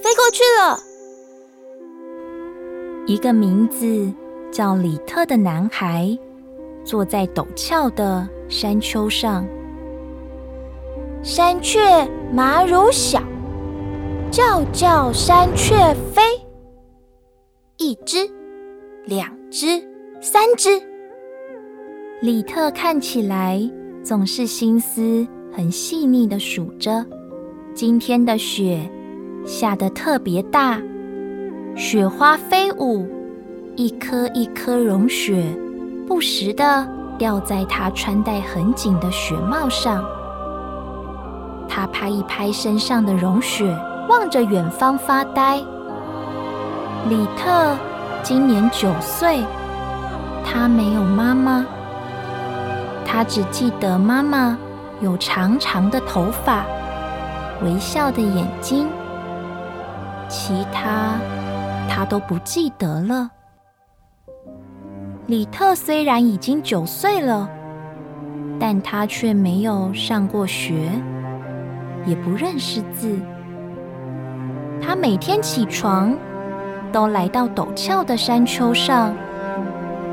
飛過去了。一個名字叫里特的男孩，坐在陡峭的山丘上。山雀麻如小，叫叫山雀飛。一隻，兩隻，三隻。里特看起來總是心思很細膩的數着。今天的雪下得特別大，雪花飛舞，一顆一顆融雪，不時地掉在他穿戴很緊的雪帽上。他拍一拍身上的融雪，望着遠方發呆。里特今年九歲，他沒有媽媽，他只記得媽媽有長長的頭髮。微笑的眼睛，其他他都不記得了。里特雖然已經九歲了，但他卻沒有上過學，也不認識字。他每天起床都來到陡峭的山丘上，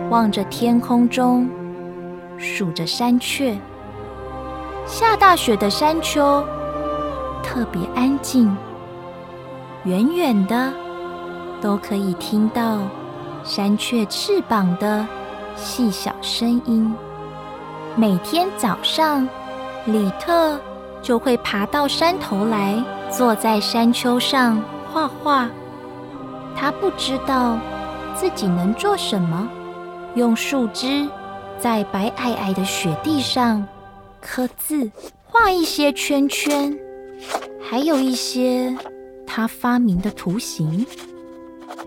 望着天空中數着山雀。下大雪的山丘。特別安靜，遠遠的都可以聽到山雀翅膀的細小聲音。每天早上，里特就會爬到山頭來，坐在山丘上畫畫。他不知道自己能做什麼，用樹枝在白皚皚的雪地上刻字，畫一些圈圈。還有一些他發明的圖形，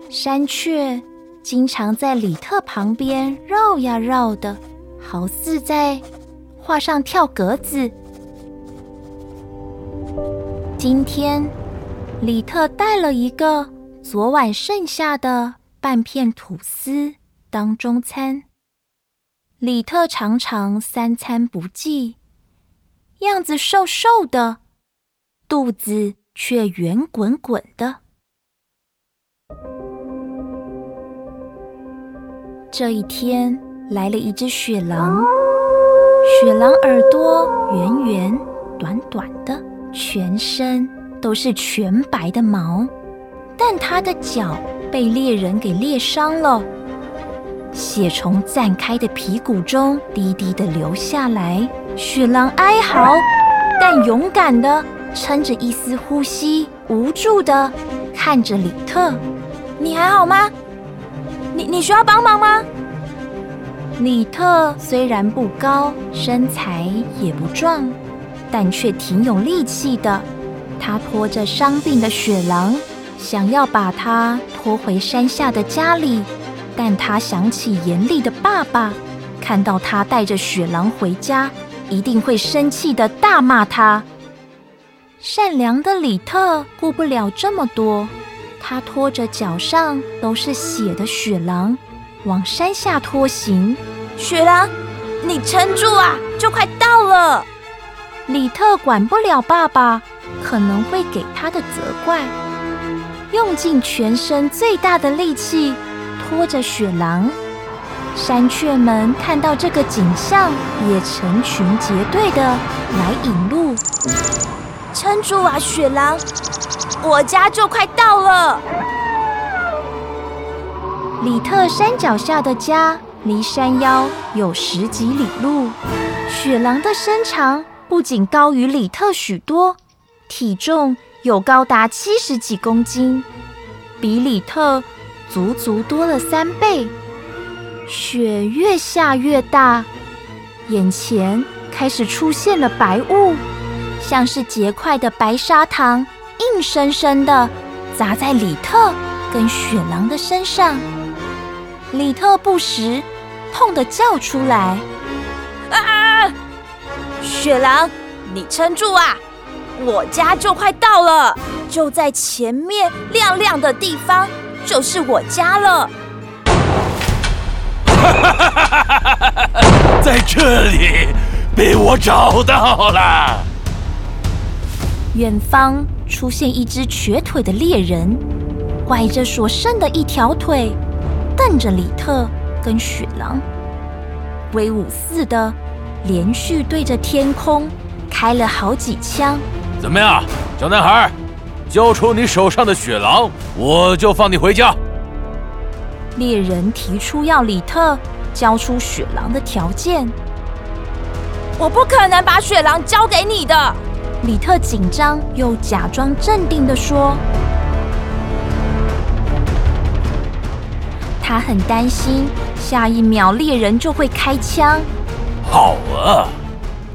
山雀經常在里特旁邊繞呀繞的，好似在畫上跳格子。今天里特帶了一個昨晚剩下的半片吐司當中餐。里特常常三餐不濟，樣子瘦瘦的。肚子卻圓滾滾的。這一天來了一隻雪狼，雪狼耳朵圓圓、短短的，全身都是全白的毛，但它的腳被獵人給獵傷了，血從綻開的皮骨中滴滴的流下來，雪狼哀嚎，但勇敢的。撐着一絲呼吸，無助地看着里特。你還好嗎？你你需要幫忙嗎？里特雖然不高，身材也不壯，但卻挺有力氣的。他拖着傷病的雪狼，想要把他拖回山下的家裡，但他想起嚴厲的爸爸，看到他帶着雪狼回家，一定會生氣地大罵他。善良的李特顧不了這麼多，他拖着腳上都是血的雪狼往山下拖行。雪狼，你撐住啊，就快到了。李特管不了爸爸可能會給他的責怪，用盡全身最大的力氣拖着雪狼。山雀們看到這個景象，也成群結隊的來引路。撐住啊，雪狼！我家就快到了。里特山腳下的家離山腰有十幾里路。雪狼的身長不僅高於里特許多，體重有高達七十幾公斤，比里特足足多了三倍。雪越下越大，眼前開始出現了白霧。像是結塊的白砂糖，硬生生的砸在里特跟雪狼的身上。里特不時痛的叫出來：“啊！雪狼，你撐住啊！我家就快到了，就在前面亮亮的地方，就是我家了。” 在這裡被我找到了。遠方出現一隻瘸腿的獵人，拐着所剩的一條腿，瞪着里特跟雪狼，威武似的，連續對着天空開了好幾槍。怎麼樣，小男孩，交出你手上的雪狼，我就放你回家。獵人提出要里特交出雪狼的條件，我不可能把雪狼交給你的。里特緊張又假裝鎮定地說：“他很擔心，下一秒獵人就會開槍。”“好啊，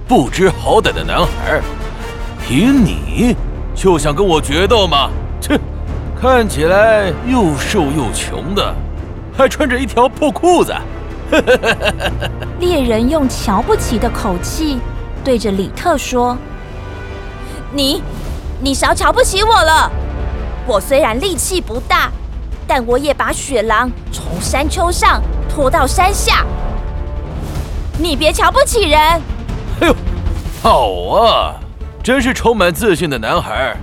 不知好歹的男孩，憑你就想跟我決鬥嗎？”“切，看起來又瘦又窮的，還穿着一條破褲子。”哈哈哈哈哈哈，獵人用瞧不起的口氣對着里特說。你，你少瞧不起我了。我雖然力氣不大，但我也把雪狼從山丘上拖到山下。你別瞧不起人。哎呦，好啊，真是充滿自信的男孩，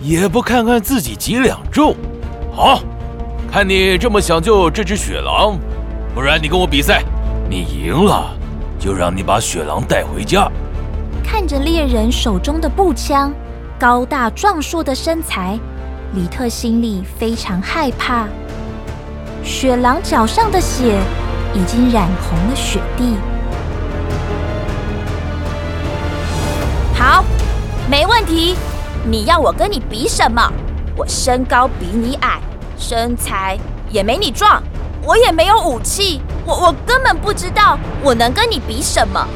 也不看看自己幾兩重。好，看你這麼想救這隻雪狼，不然你跟我比賽，你贏了就讓你把雪狼帶回家。看着獵人手中的步槍，高大壯碩的身材，里特心裡非常害怕。雪狼腳上的血已經染紅了雪地。好，沒問題。你要我跟你比什麼？我身高比你矮，身材也沒你壯，我也沒有武器，我我根本不知道我能跟你比什麼。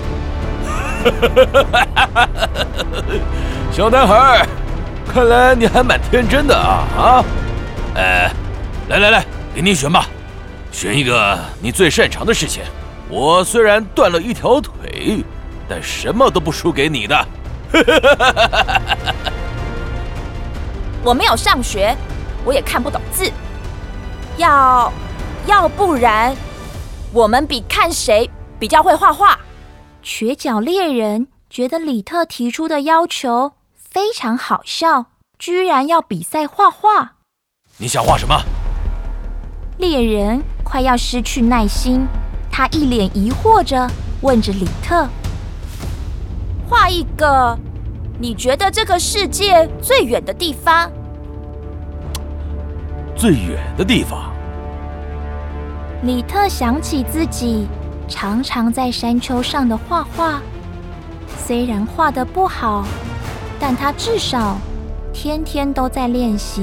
哈， 小男孩，看來你還蠻天真的啊啊。呃，來來來，給你選吧，選一個你最擅長的事情。我雖然斷了一條腿，但什麼都不輸給你的。 我沒有上學，我也看不懂字。要，要不然我們比，看誰比較會畫畫。瘸腳獵人覺得里特提出的要求非常好笑，居然要比賽畫畫。你想畫什麼？獵人快要失去耐心，他一臉疑惑着問着里特：“畫一個你覺得這個世界最遠的地方。”最遠的地方。里特想起自己。常常在山丘上的畫畫，雖然畫得不好，但他至少天天都在練習。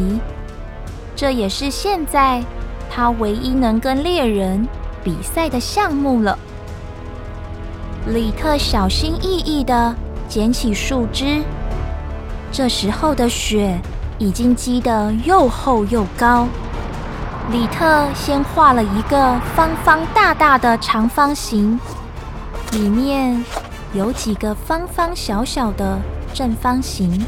這也是現在他唯一能跟獵人比賽的項目了。里特小心翼翼地撿起樹枝，這時候的雪已經積得又厚又高。里特先畫了一個方方大大的長方形，裡面有幾個方方小小的正方形，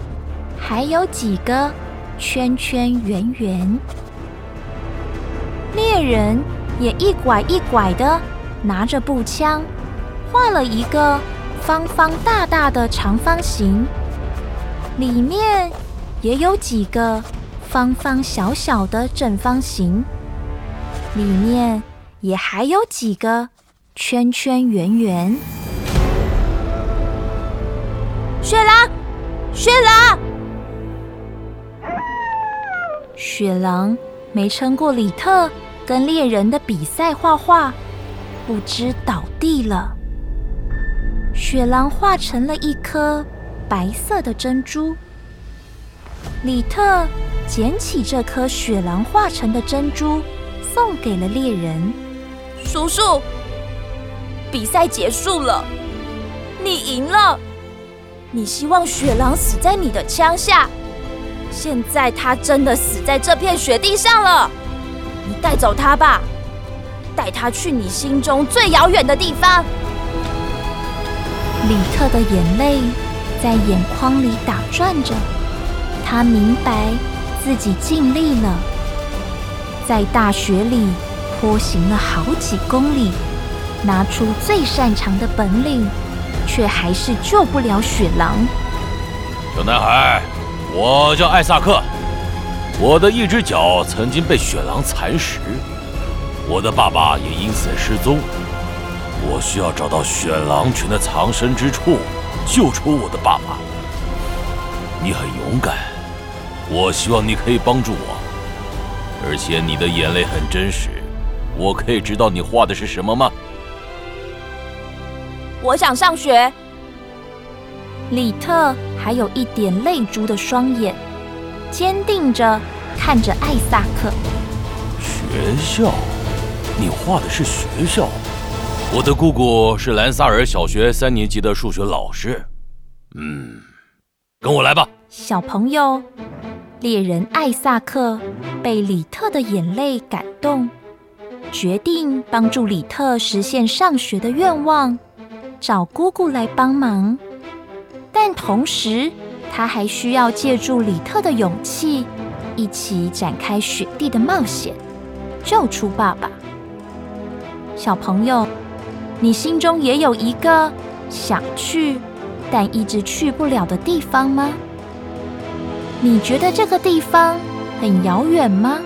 還有幾個圈圈圓圓。獵人也一拐一拐的拿着步槍，畫了一個方方大大的長方形，裡面也有幾個。方方小小的正方形，裡面也還有幾個圈圈圓圓。雪狼，雪狼，雪狼沒撐過里特跟獵人的比賽畫畫，不支倒地了。雪狼化成了一顆白色的珍珠。里特撿起這顆雪狼化成的珍珠，送給了獵人。叔叔，比賽結束了，你贏了。你希望雪狼死在你的槍下，現在他真的死在這片雪地上了。你帶走他吧，帶他去你心中最遙遠的地方。里特的眼淚在眼眶裡打轉着。他明白自己盡力了，在大雪裡拖行了好幾公里，拿出最擅長的本領，卻還是救不了雪狼。小男孩，我叫艾薩克，我的一只腳曾經被雪狼蠶食，我的爸爸也因此失蹤。我需要找到雪狼群的藏身之處，救出我的爸爸。你很勇敢。我希望你可以幫助我，而且你的眼淚很真實。我可以知道你畫的是什麼嗎？我想上學。里特還有一點淚珠的雙眼，堅定着看着艾薩克。學校？你畫的是學校？我的姑姑是蘭薩爾小學三年級的數學老師。嗯，跟我來吧，小朋友。獵人艾薩克被里特的眼淚感動，決定幫助里特實現上學的願望，找姑姑來幫忙。但同時，他還需要借助里特的勇氣，一起展開雪地的冒險，救出爸爸。小朋友，你心中也有一個想去，但一直去不了的地方嗎？你覺得這個地方很遙遠嗎？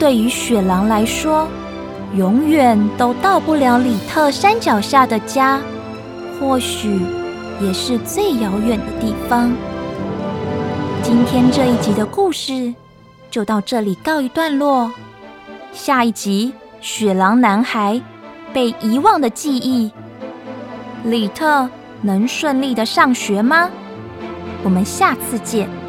對於雪狼來說，永遠都到不了里特山腳下的家，或許也是最遙遠的地方。今天這一集的故事就到這裡告一段落，下一集《雪狼男孩被遺忘的記憶》，里特能順利的上學嗎？我們下次見。